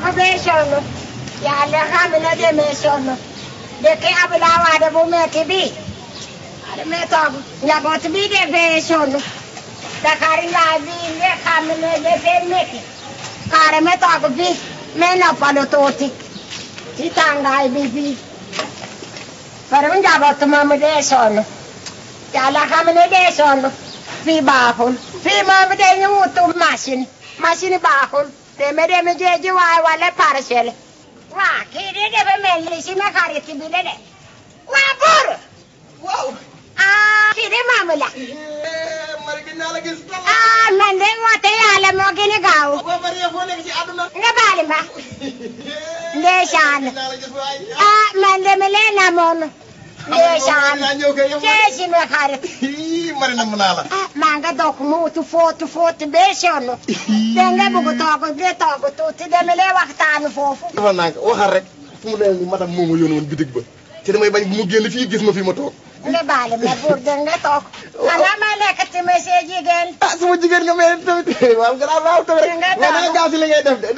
ku be shonu ya le ha mi na de de ke abula wa de bu me ti bi are me to ya go de be shonu da kari la bi le ha mi na de pe me ti kare me to ku bi me na pa do to ti ti tanga bi bi ਪਰ ਮੈਂ ਜਾ ਬਤ ਮਾਮ ਦੇ ਸੋਨ ਚਾਲਾ ਕੰਮ ਨੇ ਦੇ ਸੋਨ ਫੀ ਬਾਪੁਨ ਫੀ ਮਾਮ ਦੇ ਨੂੰ Demere müdeci vay vale parsel. Vah kiri de be mellisime karısı bile ne. Vah bur. Wow. Aa kiri mamula. Ee, Aa ben de vate yale mogini gav. Ne bali ma. Ne şan. Aa ben de mile namon. Ne şan. Kesin ve karısı. bari na mu naa la. Ah, maa nga doog muutu fóotu fóotu bee sonn. te nga bugg toog nga toog tuuti demalee waxtaanu foofu. dafa naa waxal rek fu mu ne madam moom a yónni woon bitig ba te damay bañ bu mu génn fii gis ma fii ma toog. nga baale ma buur de nga toog. waaw ah, xanaa ma nekk ci monsieur eh, jigéen. ah sama jigéen nga mel tamit waaw de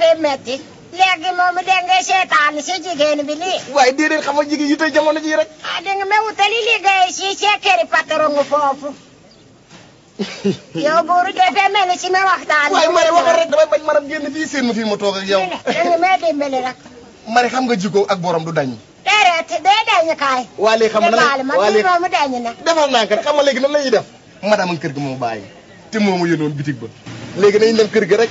dégg nga. léegi moom dégg nga seetaan si jigéen bi lii. waaye déedéet xam nga jigéen yi tey jamono ji rek. ah dégg nga ma wutali liggéey si ceekeri patron foofu. yow buuru defee mel ni si ma waxtaan. waaye bañ maram génn seen ma fii ma toog ak yow. dégg nga may dimbali rek. Marie xam nga jikko ak borom du dañ. déedéet day dañ kaay. waa léegi xam nga lan la waaye moomu dañ na. defal naa ko xam ma léegi nan la ñuy def. madame kër gi moo bàyyi te moomu yónnoon bitig ba léegi nañ dem kër gi rek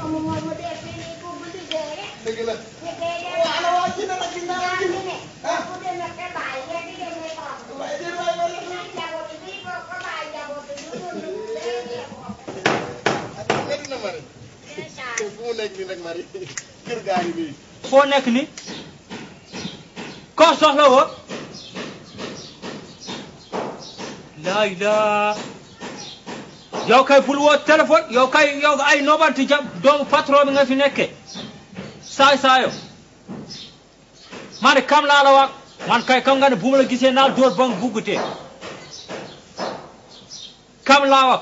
دجله واحنا واقفين لكن ما واقفين ها وبعدين ما يقول foo nekk ni nag mari kër gaa ngi nii foo nekk ni koo soxla woo laa ilaa yow kay bul woo téléphone yow kay yow ay nobanti jam doomu patron bi nga fi nekkee Saya sayo, mane kam lawak, wak man kay kam buma lagi gise na door bang bugute kam wak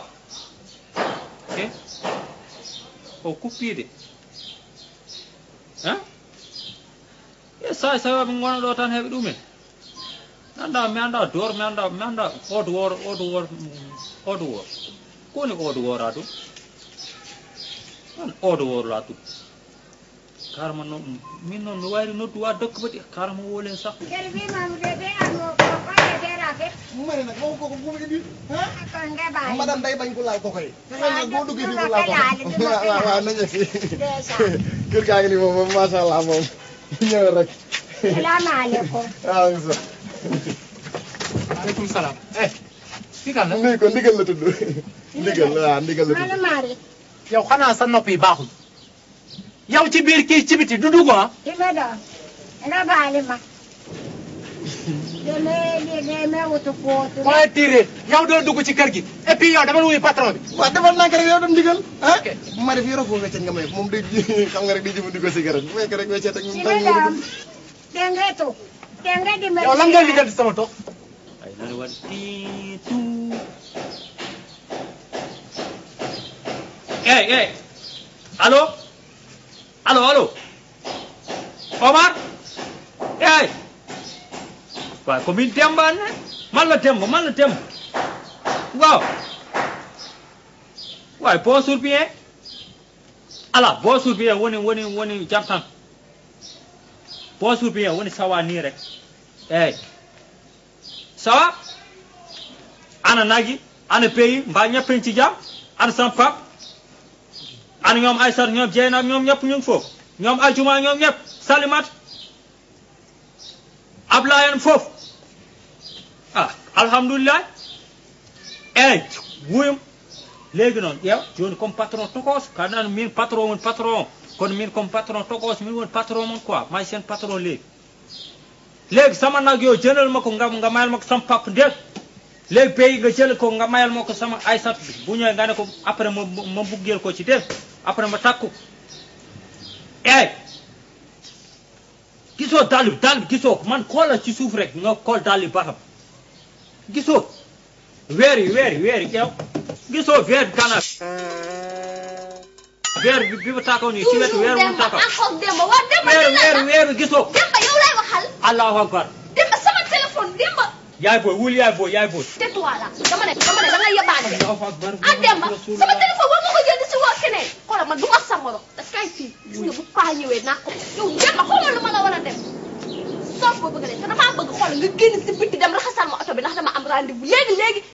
ke o ha ye sai saay sawaɓe gona do tan hebi dumen anda me anda door me anda me anda wor od wor od wor ko ni od wor adu an od wor ɗum xaaral ma no min noon no wayri noddu waa dokka bati xaaral ma woo leen sax kel mbimam de ɓe ano kokoye dérapé mumari nag mawu koko gum indi kon ndeɓa madame day bañ ko laal kokoy boo duggee fii ko laal ko waaw waaw nañu fi kër gaa ngi ni moom moom macha allah moom ñëw rek salaamaaleykum waaw sa aleykum salaam fii eh, kan la nuyu ko ndigal la tudd ndigal waaw ndigal la tudd yow xanaa sa nopp yi baaxul yow ci biir kii ci biti du dugg ah. ci ma doon rabaali ma. damay damay wutu kootu. mooy tiré yow doo dugg ci kër gi et puis yow dama wuyu patron bi. waaw defal naa ko rek yow dem ndigal. ah ma def yoroo foofu weccet nga may moom de xam nga rek day jëfandikoo cigarette bu fekkee rek weccet ak moom. ci ma doon dégg nga toog dégg nga yow lan liggéey sama toog. ay na war tiitu. eh eh allo. Alo, alo. Omar? Yaay. Waaw ko min tembaane malla tembo malla tembo waaw waay bon sourbiyen ala bon sourbiyen woni woni woni jam tan bon sourbiyen woni sawa ni rek eyyi sawa ana nagi ana peeyi mba ñappenci jam ana san pap an ñoom ay sar ñoom jeen ak ñoom ñëpp ñu ngi foofu ñoom ay juma ñoom ñëpp salimat ab laayeen foofu ah alhamdulilah eh, wuyum léegi noon ƴeew joni comme patron tokos kanan min patron woni patron kono min comme patron tokos min woni patron mon quoi may sen patron léegi léegi sama nag yo jënal ma ko ngam ngamayal ma ko sam pap léegi pay nga jël ko nga mayal ma ko sama ay sat bi bu ñëwee nga ne ko après ma ma buggeel ko ci def après ma takku eey eh, gisoo dàll gisoo ko man xoolal ci suuf rek nga xool dàll bi gisoo weer yi weer yi weer yi yow gisoo weer bi gànnaar weer bi bi ba taakaw nii ci wetu weer wu taakaw weer gisoo. Demba yow lay waxal. allahu akbar. Demba sama téléphone yaay booy wul yaay booy yaay booy. tais-toi là dama ne dama ne da ngay ah, sama téléphone war ma ko jël si woo keneen. ma sama nga a a génn si bitti dem raxasal ma oto bi ndax dama am rendez-vous léegi léegi.